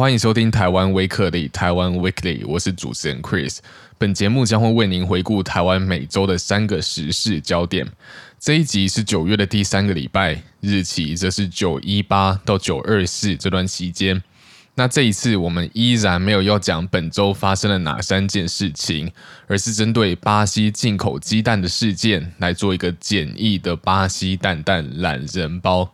歡迎收聽台灣威克力，Taiwan Weekly，我是主持人 Chris。本節目將會為您回顧台灣每周的三個時事焦點。這一集是九月的第三個禮拜，日期則是九一八到九二四這段期間。那這一次我們依然沒有要講本週發生了哪三件事情，而是針對巴西進口雞蛋的事件來做一個簡易的巴西蛋蛋懶人包。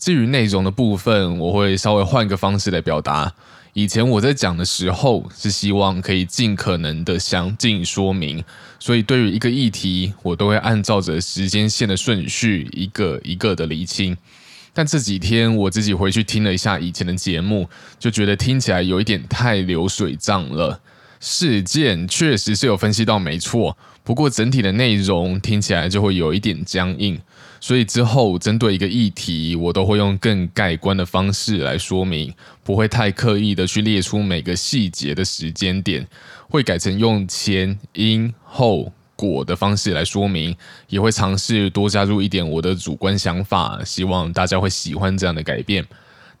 至於內容的部分，我會稍微換個方式來表達。以前我在講的時候，是希望可以盡可能的詳盡說明，所以對於一個議題，我都會按照着時間線的順序，一個一個的釐清。但這幾天我自己回去聽了一下以前的節目，就覺得聽起來有一點太流水賬了。事件確實是有分析到，沒錯。不過整體的內容聽起來就會有一點僵硬，所以之後針對一個議題，我都會用更概觀的方式來說明，不會太刻意的去列出每個細節的時間點，會改成用前因後果的方式來說明，也會嘗試多加入一點我的主觀想法，希望大家會喜歡這樣的改變。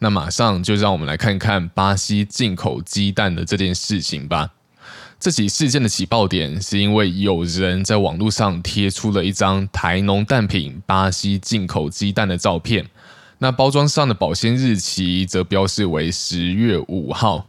那馬上就讓我們來看看巴西進口雞蛋的這件事情吧！這起事件的起爆點是因為有人在網絡上貼出了一張台農蛋品巴西進口雞蛋的照片，那包裝上的保鮮日期則標示為十月五號，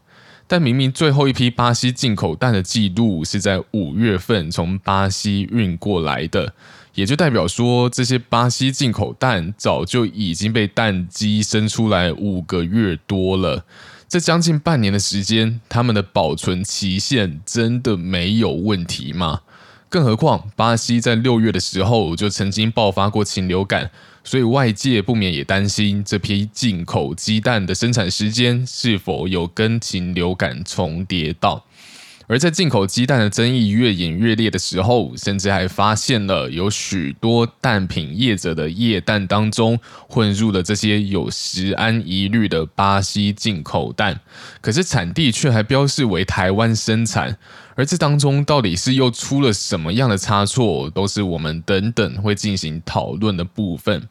但明明最後一批巴西進口蛋的記錄是在五月份從巴西運過來的，也就代表說，這些巴西進口蛋早就已經被蛋雞生出來五個月多了。這將近半年的時間，他們的保存期限真的沒有問題嗎？更何況，巴西在六月的時候就曾經爆發過禽流感，所以外界不免也擔心這批進口雞蛋的生產時間是否有跟禽流感重疊到。而在進口雞蛋的爭議越演越烈的時候，甚至還發現了有許多蛋品業者的液蛋當中混入了這些有食安疑慮的巴西進口蛋，可是產地卻還標示為台灣生產。而這當中到底是又出了什麼樣的差錯，都是我們等等會進行討論的部分。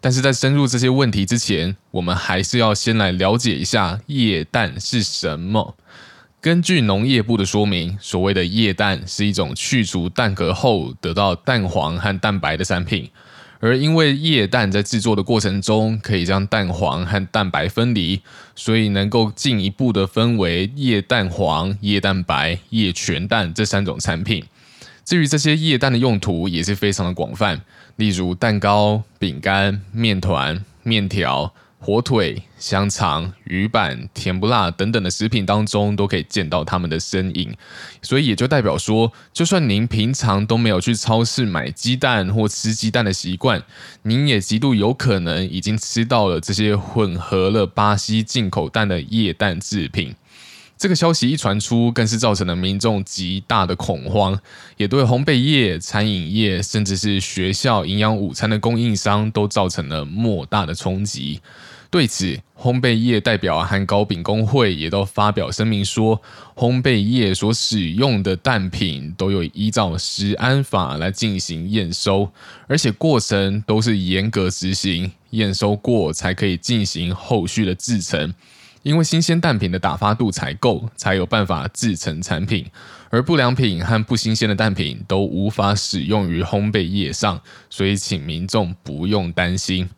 但是在深入這些問題之前，我們還是要先來了解一下液蛋是什麼。根據農業部的說明，所謂的液蛋是一種去除蛋殼後得到蛋黃和蛋白的產品。而因為液蛋在制作的過程中可以將蛋黃和蛋白分離，所以能夠進一步的分為液蛋黃、液蛋白、液全蛋這三種產品。至於這些液蛋的用途也是非常的廣泛，例如蛋糕、餅乾、麵團、麵條。火腿、香腸、魚板、甜不辣等等的食品當中，都可以見到他們的身影，所以也就代表說，就算您平常都沒有去超市買雞蛋或吃雞蛋的習慣，您也極度有可能已經吃到了這些混合了巴西進口蛋的液蛋製品。這個消息一傳出，更是造成了民眾極大的恐慌，也對烘焙業、餐飲業，甚至是學校營養午餐的供應商都造成了莫大的衝擊。對此，烘焙業代表和糕餅公會也都發表聲明說，烘焙業所使用的蛋品都有依照食安法來進行驗收，而且過程都是嚴格執行，驗收過才可以進行後續的製程。因為新鮮蛋品的打發度才夠，才有辦法製成產品，而不良品和不新鮮的蛋品都無法使用於烘焙業上，所以請民眾不用擔心。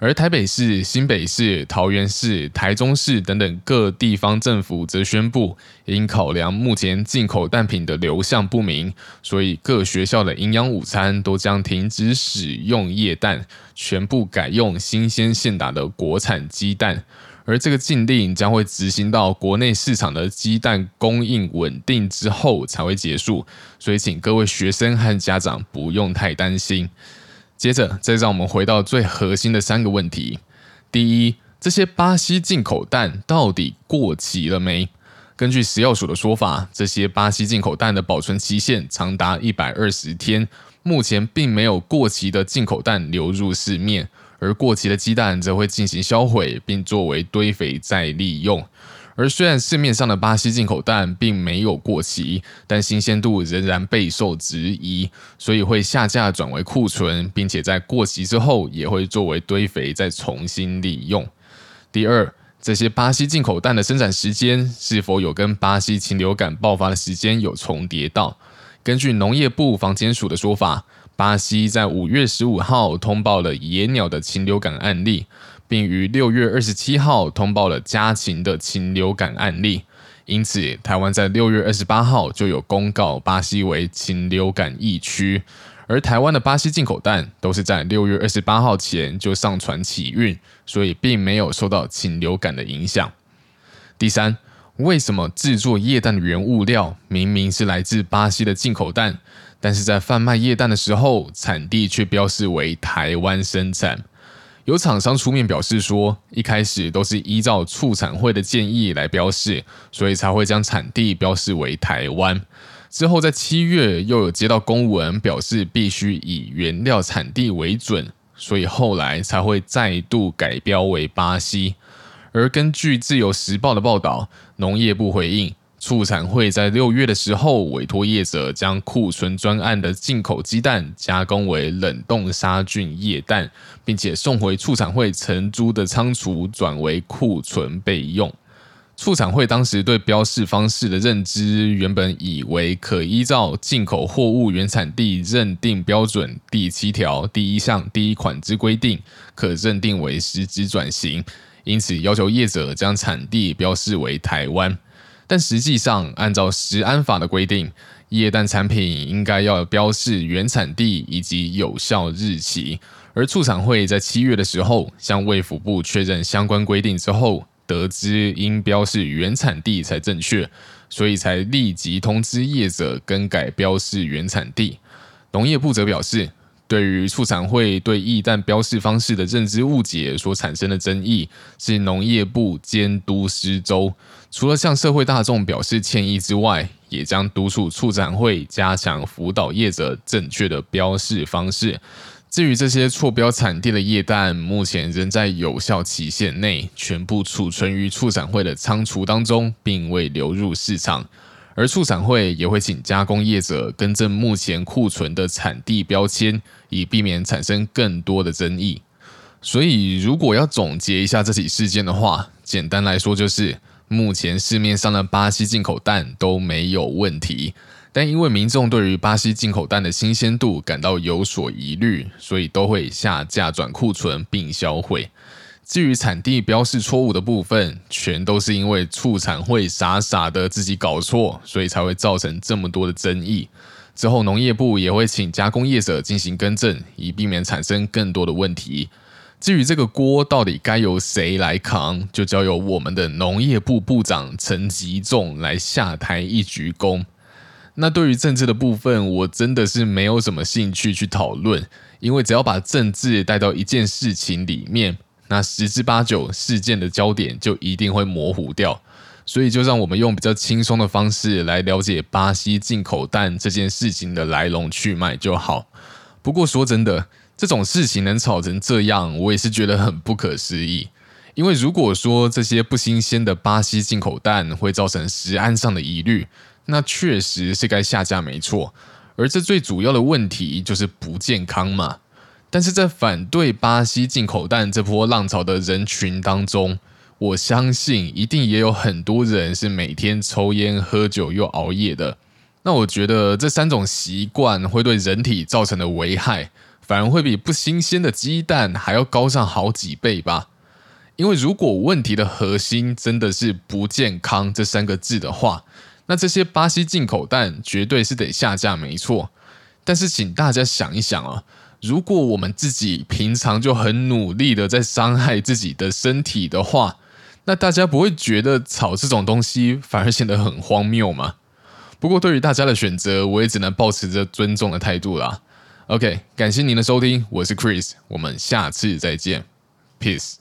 而台北市、新北市、桃園市、台中市等等各地方政府則宣布，因考量目前進口蛋品的流向不明，所以各學校的營養午餐都將停止使用液蛋，全部改用新鮮現打的國產雞蛋。而這個禁令將會執行到國內市場的雞蛋供應穩定之後才會結束，所以請各位學生和家長不用太擔心。接着，再讓我們回到最核心的三個問題：第一，這些巴西進口蛋到底過期了沒？根據食藥署的說法，這些巴西進口蛋的保存期限長達一百二十天，目前並沒有過期的進口蛋流入市面。而過期的雞蛋則會進行銷毀，並作為堆肥再利用。而雖然市面上的巴西進口蛋並沒有過期，但新鮮度仍然備受質疑，所以會下架轉為庫存，並且在過期之後也會作為堆肥再重新利用。第二，這些巴西進口蛋的生產時間是否有跟巴西禽流感爆發的時間有重疊到？根據農業部防檢署的說法。巴西在五月十五號通報了野鳥的禽流感案例，並於六月二十七號通報了家禽的禽流感案例。因此，台灣在六月二十八號就有公告巴西為禽流感疫區。而台灣的巴西進口蛋都是在六月二十八號前就上船起運，所以並沒有受到禽流感的影響。第三，為什麼製作液蛋的原物料，明明是來自巴西的進口蛋，但是在販賣液蛋的時候，產地卻標示為台灣生產。有廠商出面表示說，一開始都是依照畜產會的建議來標示，所以才會將產地標示為台灣。之後在七月又有接到公文表示必須以原料產地為準，所以後來才會再度改標為巴西。而根據自由時報的報道，農業部回應。畜產會在六月的時候，委託業者將庫存專案的進口雞蛋加工為冷凍殺菌液蛋，並且送回畜產會承租的倉儲，轉為庫存備用。畜產會當時對標示方式的認知，原本以為可依照《進口貨物原產地認定標準》第七條第一項第一款之規定，可認定為實質轉型，因此要求業者將產地標示為台灣。但實際上，按照《食安法》的規定，液蛋產品應該要標示原產地以及有效日期。而畜產會在七月的時候向衛福部確認相關規定之後，得知應標示原產地才正確，所以才立即通知業者更改標示原產地。農業部則表示。對於畜產會對液蛋標示方式的認知誤解所產生的爭議，是農業部監督失周，除了向社會大眾表示歉意之外，也將督促畜產會加強輔導業者正確的標示方式。至於這些錯標產地的液蛋，目前仍在有效期限內，全部儲存於畜產會的倉儲當中，並未流入市場。而畜產會也會請加工業者更正目前庫存的產地標籤，以避免產生更多的爭議。所以，如果要總結一下這起事件的話，簡單來說就是，目前市面上的巴西進口蛋都沒有問題，但因為民眾對於巴西進口蛋的新鮮度感到有所疑慮，所以都會下架、轉庫存並銷毀。至於產地標示錯誤的部分，全都是因為畜產會傻傻的自己搞錯，所以才會造成這麼多的爭議。之後農業部也會請加工業者進行更正，以避免產生更多的問題。至於這個鍋到底該由誰來扛，就交由我們的農業部部長陳吉仲來下台一鞠躬。那對於政治的部分，我真的是沒有什麼興趣去討論，因為只要把政治帶到一件事情裡面。那十之八九，事件的焦點就一定會模糊掉，所以就讓我們用比較輕鬆的方式來了解巴西進口蛋這件事情的來龍去脈就好。不過說真的，這種事情能吵成這樣，我也是覺得很不可思議。因為如果說這些不新鮮的巴西進口蛋會造成食安上的疑慮，那確實是該下架沒錯。而這最主要的問題就是不健康嘛。但是在反對巴西進口蛋這波浪潮的人群當中，我相信一定也有很多人是每天抽煙、喝酒又熬夜的。那我覺得這三種習慣會對人體造成的危害，反而會比不新鮮的雞蛋還要高上好幾倍吧？因為如果問題的核心真的是不健康這三個字的話，那這些巴西進口蛋絕對是得下架，沒錯。但是請大家想一想啊。如果我們自己平常就很努力的在傷害自己的身體的話，那大家不會覺得炒這種東西反而顯得很荒謬嗎？不過對於大家的選擇，我也只能抱持著尊重的態度啦。OK，感謝您的收聽，我是 Chris，我們下次再見，Peace。